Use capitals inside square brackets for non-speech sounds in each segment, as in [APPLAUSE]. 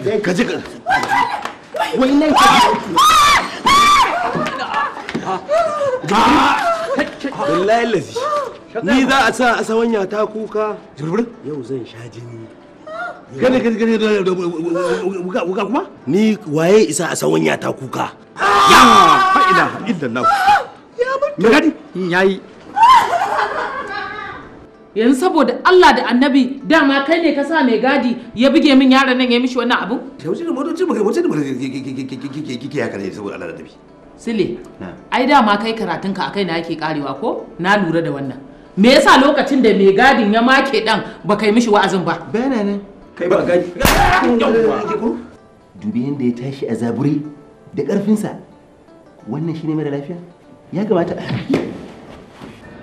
ka ah! ni za a sa a sawanya ta kuka jirbirin yau zan sha jini gane gane gane wuka kuma ni waye isa a sawanya ta kuka ya ah! fa'ida na ya mutu gadi yayi yanzu saboda Allah da annabi dama kai ne ka sa mai gadi ya buge min yaran nan ya mishi wannan abu yaushe ne motoci ba kike ya kare saboda Allah da annabi sile ai dama kai karatun ka akai na yake karewa ko na lura da wannan me yasa lokacin da mai gadin ya make dan ba kai mishi wa'azin ba bana ne kai ba gadi dubi yanda ya tashi a zaburi da karfinsa wannan shine mara lafiya ya gabata.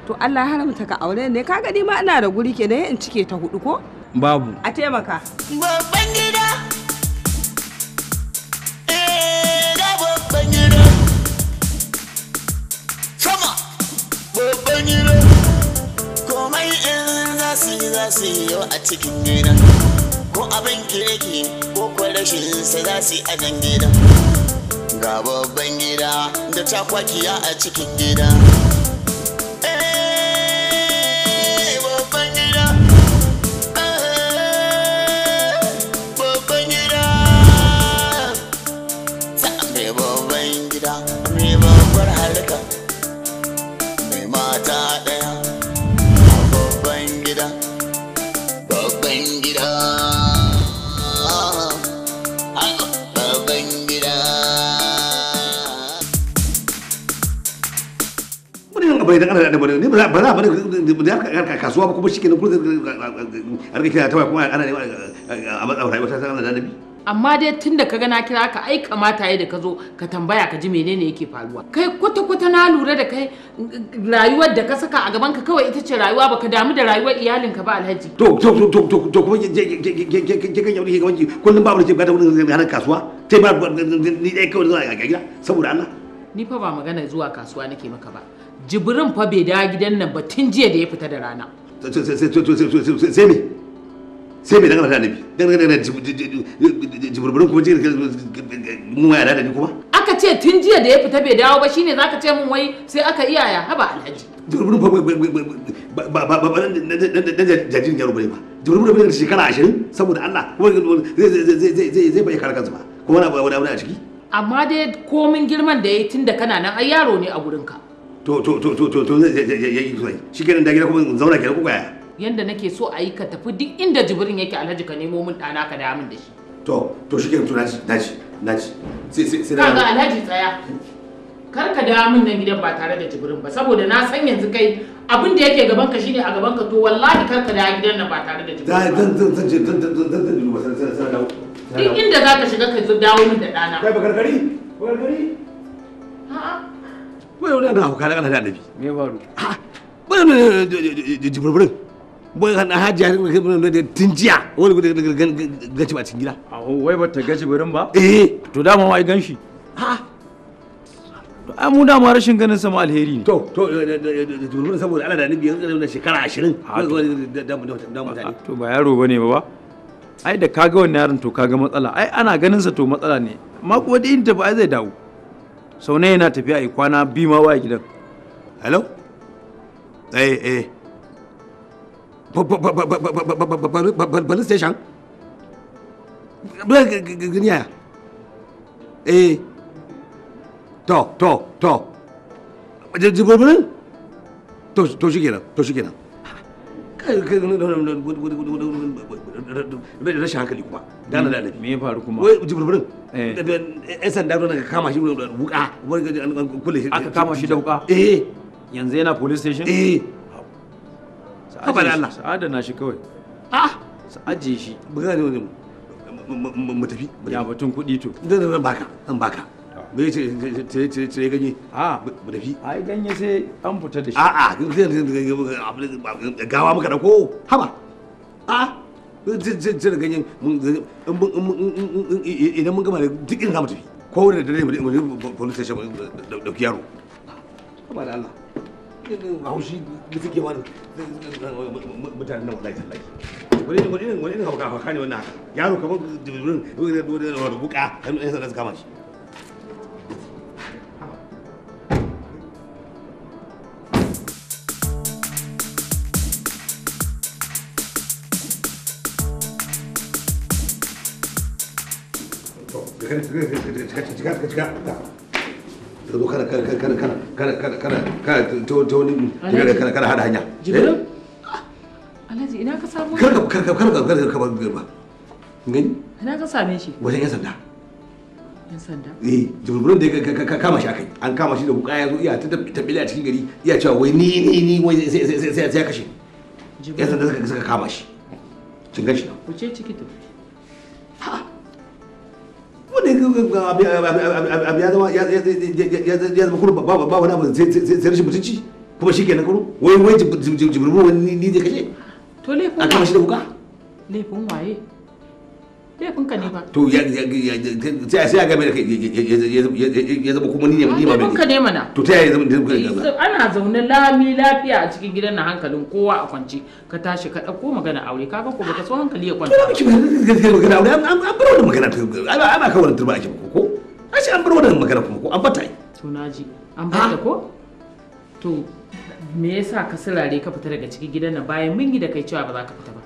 to Allah ya haramta ka aure ne ka gani ma ina da guri kenan in cike ta hudu ko babu a taimaka babban gida eh ga babban gida sama babban gida komai in za su yi za su yi a cikin gida ko abin kirki ko kwa rashin sa za su yi a nan gida ga babban gida da takwakiya a cikin gida da ka kasuwa ba kuma shikenan kullum a kira ta kuma ana a matsayin rayuwa ta da amma dai tun da ka gana kira ka ai kamata ya da ka zo ka tambaya ka ji menene yake faruwa kai kwata kwata na lura da kai rayuwar da ka saka a gaban ka kawai ita ce rayuwa baka damu da rayuwar iyalin ka ba alhaji to to to to to kuma ke kan yauri ke gaban ki kullum babu da ke gata wurin ranar kasuwa sai ba ni dai kawai zuwa ga gida saboda Allah ni fa ba magana zuwa kasuwa nake maka ba jibrin fa bai dawo gidan nan ba tun jiya da ya fita da rana sai me sai me dangana da annabi dangana da jibirbirin kuma jikin mu ya da ni kuma aka ce tun jiya da ya fita bai dawo ba shine zaka ce mun wai sai aka iyaya haba alhaji jibirbirin ba ba ba ba dan jajin yaro bane ba jibirbirin bane shekara 20 saboda Allah kuma zai zai zai zai bai karkansa ba kuma na ba wani a ciki amma dai komin girman da yayi tun da kana nan ai yaro ne a gurinka to to to to to to yayi sosai shikenan da gida kuma zauna kenan ko yanda nake so a yi ka tafi duk inda jibrin yake alhaji ka nemo min ɗana ka da min da shi to to shikenan to naji naji naji sai sai sai alhaji tsaya kar ka da min nan gidan ba tare da jibrin ba saboda na san yanzu kai abin da yake gaban ka shine a gaban ka to wallahi kar ka da gidan nan ba tare da jibrin ba zan zan zan zan zan zan zan zan duk inda zaka shiga ka dawo min da ɗana kai ba gargari ba gargari bai wani da hauka na kana da annabi me faru bai wani jiburburin bai kan hajiya da tun jiya wani gaci ba cikin gida aho wai ba ta gaci birin ba eh to wai ganshi ha a mu ma rashin ganin sama alheri ne to to jiburburin eh, eh, eh, saboda Allah da annabi yanzu da shekara 20 da mutane to ba yaro bane ba ai da kaga wannan yaron to kaga matsala ai ana ganin sa to matsala ne ma ko da in ta ba zai dawo sau ne yana tafiya a kwana biyu ma wa gidan hello eh eh police station gani ya eh to to to to shi kenan to shi kenan rashin hankali kuma da na da me ya faru kuma wai jibirbirin eh. yan sanda kama shi wuka wani shi aka kama shi da wuka eh yanzu yana police station eh shi kawai a ah! sa'aje shi ne mu tafi ya batun kuɗi to baka baka me ce ce ce ce ganye a mu tafi ai ganye sai an fita da shi a a gawa muka dauko haba a cire ganyen idan mun gama da duk za mu tafi ko wani da dare mu police station dauki yaro haba da Allah haushi da suke wani mutanen nan wallahi tallahi wani irin wani irin hauka hauka ne wannan yaro kamar da wurin da wuka kan ɗan sanda su kama ka zo kana kana kana kana kana kana kana kana ta wani kana kana kana hada hanya alhaji eh? ina ka samu kar ka kar ka kar ka kar ka ina ka same shi wajen yan sanda yan sanda eh jibril da ka kama shi akai an kama shi da wuka ya zo iya ta tabbila cikin gari iya cewa wai ni ni ni wai sai sai sai ya kashe yan sanda suka kama shi kin gan shi na ciki to abu ya zama ya zama kuma ba ba wani abu sai rashin mutunci kuma shi kenan kuma wai wai jibirmu wani ni ne kashe a kama shi da wuka laifin waye laifinka to ya ya zama kuma ni ne ni ba laifinka ne to ta ya zama da ana zaune lami lafiya a cikin gidan na hankalin kowa a kwance ka tashi ka ɗauko magana aure kaga ko baka so hankali ya kwanta ba ki ba magana aure an bar wannan magana ana kawo wannan turba ake ko ashe an bar wannan magana kuma ko an bata yi to naji an bata ko to me yasa ka sirare ka fita daga cikin gidan nan bayan mun yi da kai cewa ba za ka fita ba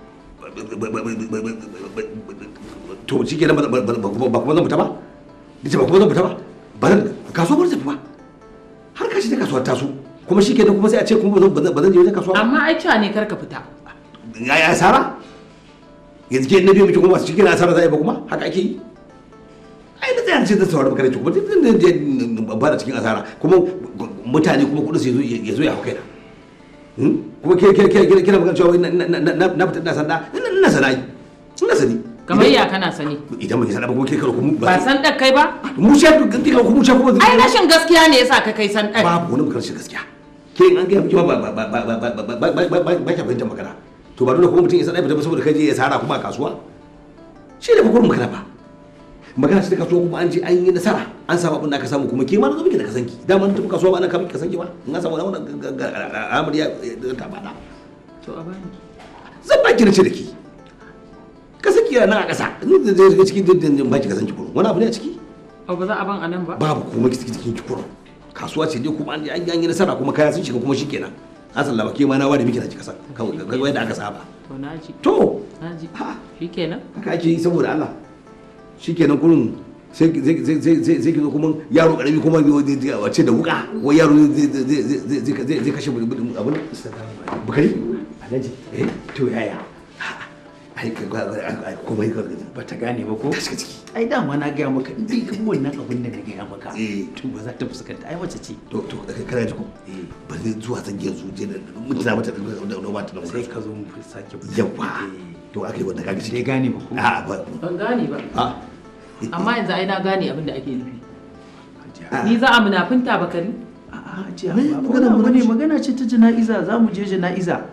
to shi ba kuma zan fita ba ce ba kuma zan fita ba ba kasuwa ba fita ba har kashi ta kasuwa taso kuma shi kenan kuma sai a ce kuma ba zan je wajen kasuwa amma ai cewa ne kar ka fita yi asara yanzu ke na biyu miki kuma shi kenan asara za a yi ba kuma haka ake yi ai na tsaya ce da saurari maka da kuma zan ba da cikin asara kuma mutane kuma kudin su ya zo ya hau da hmm? kuma kira magana cewa na na na sanda ina sanayi ina sani kamar ya kana sani idan ba ki sanar ba ke karo kuma ba san dan kai ba mu sha duk gantika ko mu sha kuma ai rashin gaskiya ne yasa ka kai san dan babu wani rashin gaskiya ke an ga miki ba ba ba ba ba ba ba ba ba ba ka fahimta magana to ba dole ko mutum ya sanar ba saboda kai je ya sara kuma a kasuwa shi ne bakwar magana ba magana shi ta kasuwa kuma an je an yi nasara an samu abin da aka samu kuma ke ma na zo miki da kasanki dama ta kasuwa ba ana kama ka sanki ba in an samu wani al'amari ya ta bada to a bani zan baki na ce da ke. kira nan a ƙasa ni da zai shiga cikin dindin ba ki kasance kikuru wani abu ne a ciki a ba za a ban a nan ba babu kuma cikin kikuru kasuwa ce dai kuma an yi nasara kuma kaya sun shiga kuma shikenan an sallama ke ma na ware miki na ci kasan kawai wanda aka saba to naji ji to na ji shikenan haka ake yi saboda Allah shikenan kurun sai ki zo kuma yaro karami kuma wace da wuka wai yaro zai kashe abin bukari naji eh to yaya kai ka ga komai ka ba ta gane ba ko ta ciki ai dama na gaya maka in dai wannan abin da na gaya maka eh. to ba za ta fuskanta ai wace ce to to kana ji ko eh. ba zai zuwa zan je je da ta mata da da ba ta da sai ka zo mu sake yawa eh. to akai wanda kaga ciki gane ba ko a'a ba ban gane ba a ah. amma yanzu ai na gane abin da ake nufi ah. ni za a munafinta ba kari a'a ce magana magana ce ta jana'iza za mu je jana'iza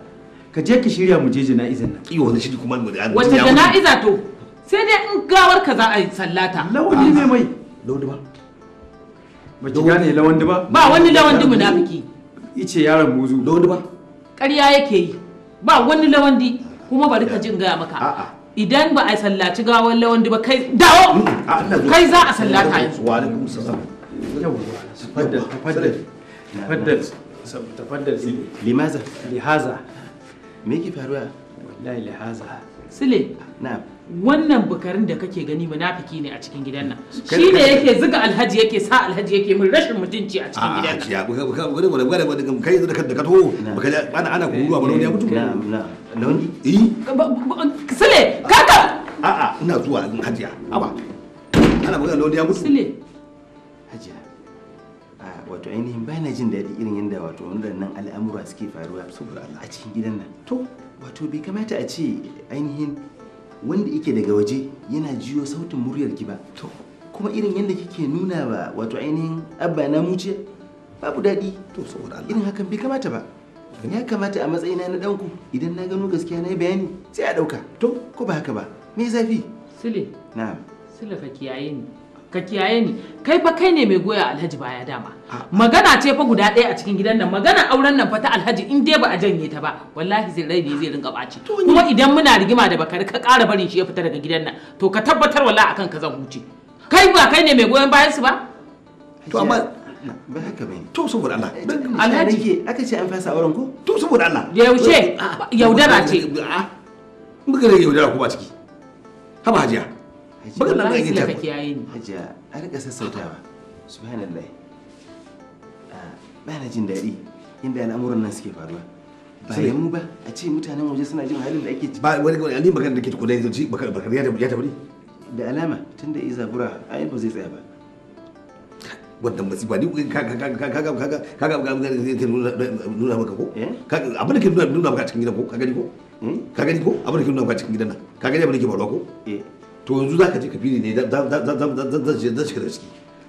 ka je ka shirya mu je jana'izar nan iyo wani shiri kuma mu da wata jana'iza to sai dai in gawar ka za a yi sallata lawani ne mai lawandi ba ba ki gane lawandi ba ba wani na munafiki ice yaron buzu lawandi ba ƙarya yake yi ba wani lawandi kuma bari ka jin gaya maka idan ba a sallaci gawar lawandi ba kai dawo mm, mm, ah, kai za a sallata yanzu wa alaikum salam tafaddal tafaddal tafaddal tafaddal limaza lihaza me yake faruwa wallahi lahaza sile na'am wannan bukarin da kake gani munafiki ne a cikin gidan nan shi ne yake zuga alhaji yake sa alhaji yake mun rashin mutunci a cikin gidan nan a buka buka buka buka buka buka kai zaka da ka to baka ana ana kuruwa ba launi ya mutu na'am na'am launi eh sile kaka a'a ina zuwa hajiya aba ana buga launi ya mutu sile wato ainihin ba na jin daɗi irin yadda wato waɗannan al'amura suke faruwa saboda Allah a cikin gidan nan to wato bai kamata a ce ainihin wanda yake daga waje yana jiyo sautin muryar ki ba to kuma irin yadda kike nuna ba wato ainihin abba na muce babu daɗi to saboda Allah irin hakan bai kamata ba ya kamata a matsayina na ɗanku idan na gano gaskiya na yi bayani sai a ɗauka to ko ba haka ba me zafi sile na'am sile fa kiyaye ni ka kiyaye ni kai fa kai ne mai goya alhaji baya dama magana ce fa guda ɗaya a cikin gidan nan magana auren nan fa ta alhaji in dai ba a janye ta ba wallahi zai rai ne zai rinka baci kuma idan muna rigima da bakari ka ƙara barin shi ya fita daga gidan nan to ka tabbatar wallahi akan ka zan huce kai ba kai ne mai goyon bayan su ba to amma ba haka to saboda Allah eh, alhaji aka ce an fasa auren ko to saboda Allah yaushe ah, yaudara ce [LAUGHS] ah. muka yaudara ko ba ciki haba hajiya bugun nan zan yi ta hajiya a rika sassautawa subhanallah ba jin daɗi inda al'amuran nan suke faruwa ba ya mu ba a ce mutanen waje suna jin halin da ake ba wani wani alim bakar da ke tukuna da ci bakar bakar ya tabbata bari da alama tunda ya zabura ayin ba zai tsaya ba wannan masifa ni ka ka ka-ka, ka nuna maka ko abin da ke nuna maka cikin gidan ko ka ni ko ka ni ko abin da ke nuna maka cikin gidan nan ka ni abin da ke faruwa ko eh to yanzu za ka je ka fili ne da ka da da ciki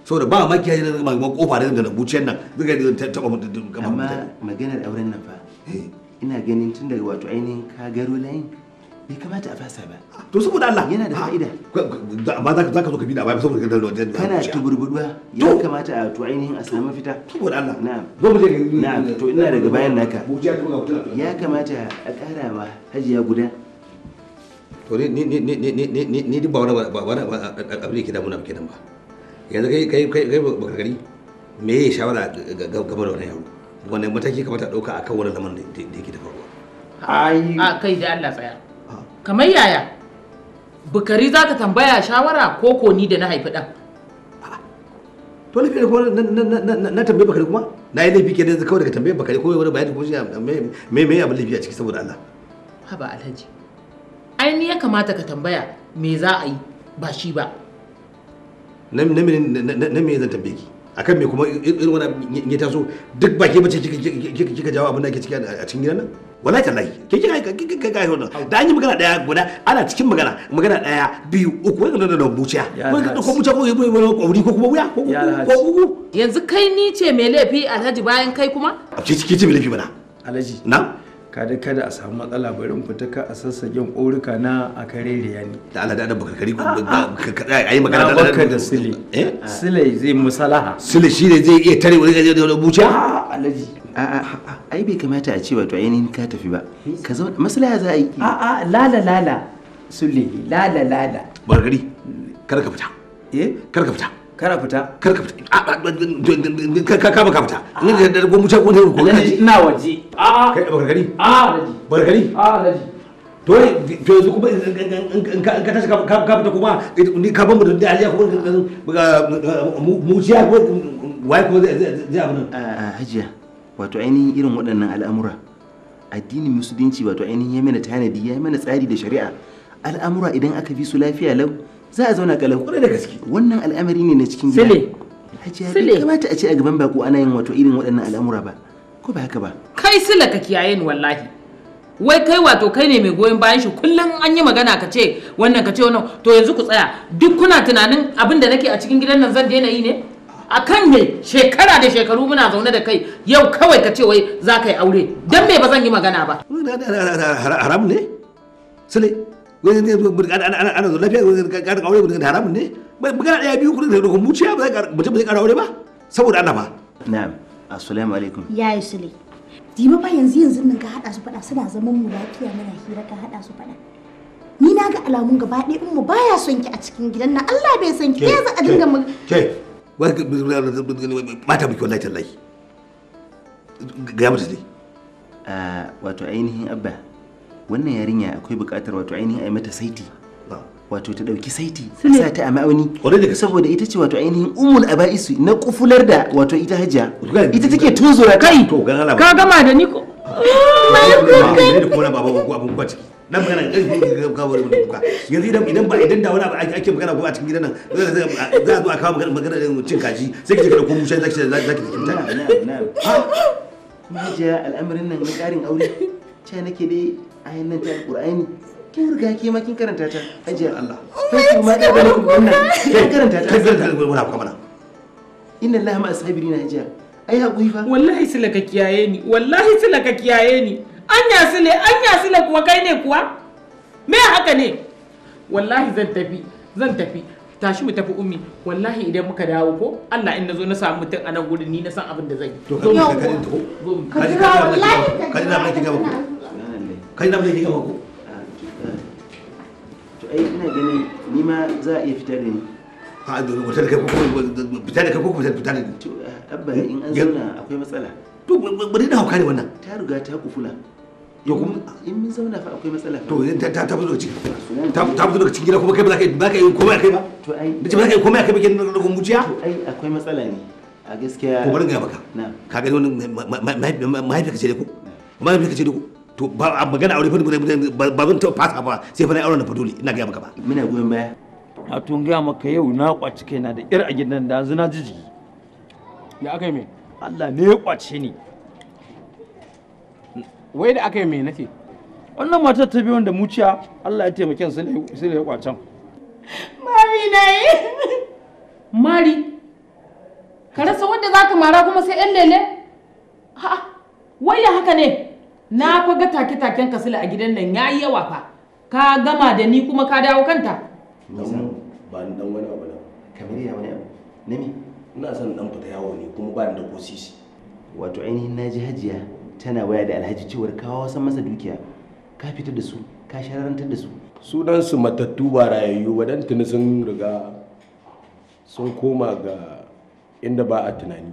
saboda ba maki ya yi ma kofa da da buciyar nan zai ga ta taba mutum kamar mutane maganar auren nan fa eh. ina ganin tun daga wato ainihin ka garo layin bai kamata a fasa ba to saboda Allah yana da fa'ida ba ah, za ka zo ka bi da ba saboda kana da kana tuburbuduwa ya kamata a to ainihin a samu fita saboda Allah na'am zo mu je na'am to ina daga bayan naka ya kamata a kara ma hajiya guda to ni ni ni ni ni ni ni ni ba wani ba wani ke damuna ba yanzu kai kai kai kai gari me ya shawara game da yaro mataki kamata dauka akan wannan lamarin da yake da faruwa ai a kai da Allah tsaya kamar yaya bukari za ka tambaya shawara ko ko ni da na haifi dan to ni na tambaye bakari kuma na yi laifi ke da kawai daga tambaye bakari ko wani bayani ko shi me me abin laifi a ciki saboda Allah haba alhaji ai ni ya kamata ka tambaya me za a yi ba shi ba na me zan tambaye ki akan me kuma irin wani ya taso duk baki bace kika jawo abin da ake ciki a cikin gidan nan wallahi tallahi ke kika kika ga wannan da an yi magana daya guda ana cikin magana magana daya biyu uku wai wani da buciya wai wani ko buciya ko wani kwauri ko kuma wuya ko ko yanzu kai ni ce mai laifi alhaji bayan kai kuma a ce ciki ce mai laifi bana alhaji na'am kada kada a samu matsala bari in fita ka a sassagen ƙorika na a da ne da Allah da annabi kakari ayi magana da baka da sile eh? sile zai musalaha sile ne zai iya tare wani gaje da buce a alaji ah, ai bai kamata a ce wato ainihin ka tafi ba ka zauna maslaha za a yi a a lala lala sule lala lala barkari kar ka fita eh kar ka fita kana fita kar ka fita ka ka ka fita ni da ko mutum ko ne ko ina waje a a kai barkari a barkari a alhaji to to yanzu kuma in ka tashi ka ka fita kuma ni ka bamu da aliya kuma mu ciya ko wai ko zai abu nan hajiya wato ainihin irin waɗannan al'amura addinin musulunci wato ainihin ya mana tanadi ya mana tsari da shari'a al'amura idan aka bi su lafiya lau za a zauna kalan kwarai da gaske wannan al'amari ne na cikin gida sile hajiya bai kamata a ce a gaban bako ana yin wato irin waɗannan al'amura ba ko ba haka ba kai sile ka kiyaye ni wallahi wai kai wato kai ne mai goyon bayan shi kullum an yi magana ka ce wannan ka ce wannan to yanzu ku tsaya duk kuna tunanin abin da nake a cikin gidan nan zan daina yi ne a kan ne shekara da shekaru muna zaune da kai yau kawai ka ce wai za ka yi aure don me ba zan yi magana ba haram ne sile ne zai zo ana zo lafiya gwai ka aure gwai da haramun ne magana ɗaya biyu kudin da kuma muciya ba mutum zai ƙara aure ba saboda Allah ba na'am assalamu alaikum ya yi sule dima ba yanzu yanzu nan ka haɗa su faɗa suna zaman mu lafiya muna hira ka haɗa su faɗa ni na ga alamun gaba ɗaya in mu baya son ki a cikin gidan nan Allah bai son ki ya za a dinga mu ke mata miki wallahi tallahi ga mata dai wato ainihin abba wannan yarinya akwai buƙatar wato ainihin a mata saiti wato ta ɗauki saiti sa ta a auni saboda ita ce wato ainihin umul aba'isu na kufular da wato ita hajiya ita take tuzura kai ka gama da ni ko na magana ƙarfi ga wani kuka yanzu idan idan ba idan da wani abu ake magana ko a cikin gidan nan za a zo a kawo magana magana cin kaji sai ki kada ko mushe zaki zaki kinta na na ha. hajiya al'amarin nan na ƙarin aure ce nake dai ainihin nan ta alƙur'ani kin riga ke ma kin karanta ta ajiyar Allah oh kai ki ma da gani ku wannan kin karanta ta kai da muna kuma mana inna lillahi ma asabirina ajiya ai hakuri fa wallahi sila ka kiyaye ni wallahi sila ka kiyaye ni anya sile anya sile kuwa kai ne kuwa me haka ne wallahi zan tafi zan tafi tashi mu tafi ummi wallahi idan muka dawo ko Allah in nazo na samu mutum a nan gurin ni na san abin da zai to ka ka ka ka ka ka ka ka ka kai na bai gama ko to ai ina ganin ni ma za a iya fitar da ni a da wata da kai ko fitar da kai ko fitar da ni to abba in an zauna akwai matsala to bari da hauka ne wannan ta riga ta kufula to kuma in mun zauna fa akwai matsala to ta ta ta fito cikin ta ta fito cikin gida kuma kai ba za ka ba ka yi komai kai ba to ai ba za ka yi komai kai ba kin da gumbuciya to ai akwai matsala ne a gaskiya ko bari ga baka na ka ga mai mahaifiyarka ce da ku mai mahaifiyarka ce da ku to ba a magana aure ba zan taɓa fasa ba sai fa na auren n'a fa dole ina gaya maka ba muna goyon baya a tun ga maka yau na kwaci kaina da ir a gidan da yanzu na jijigi da aka yi me Allah ne ya kwace ni wai da aka yi me nake wannan matar ta biyo da muciya Allah ya taimake su ne su ya kwacen mami na yi mari ka rasa wanda zaka mara kuma sai yan lele ha wai ya haka ne na fa ga take-taken kasila a gidan nan yayi yawa fa ka gama da ni kuma ka dawo kanta ba ni dan wani abu na kamar ya wani abu na me ina son dan fita yawo ne kuma ba ni da kosisi wato ainihin naji hajiya tana waya da alhaji cewar kawo san masa dukiya ka fitar da su ka shararantar da su su dan su matattu ba rayayyu ba dan tuni sun riga sun koma ga inda ba a tunani.